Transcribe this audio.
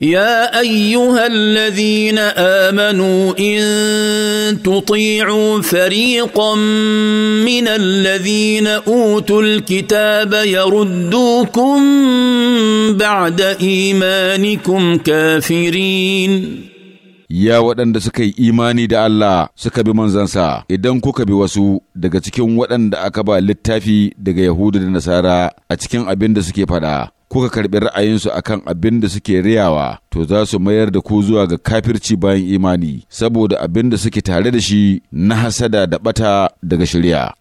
يا ايها الذين امنوا ان تطيعوا فريقا من الذين اوتوا الكتاب يردوكم بعد ايمانكم كافرين ya waɗanda suka yi imani da Allah suka bi manzansa idan kuka bi wasu daga cikin waɗanda aka ba littafi daga Yahudu da Nasara a cikin abin da suke faɗa kuka karɓi ra'ayinsu a kan abin da suke riyawa to za su mayar da ku zuwa ga kafirci bayan imani saboda abin da suke tare da shi na hasada da bata daga shirya.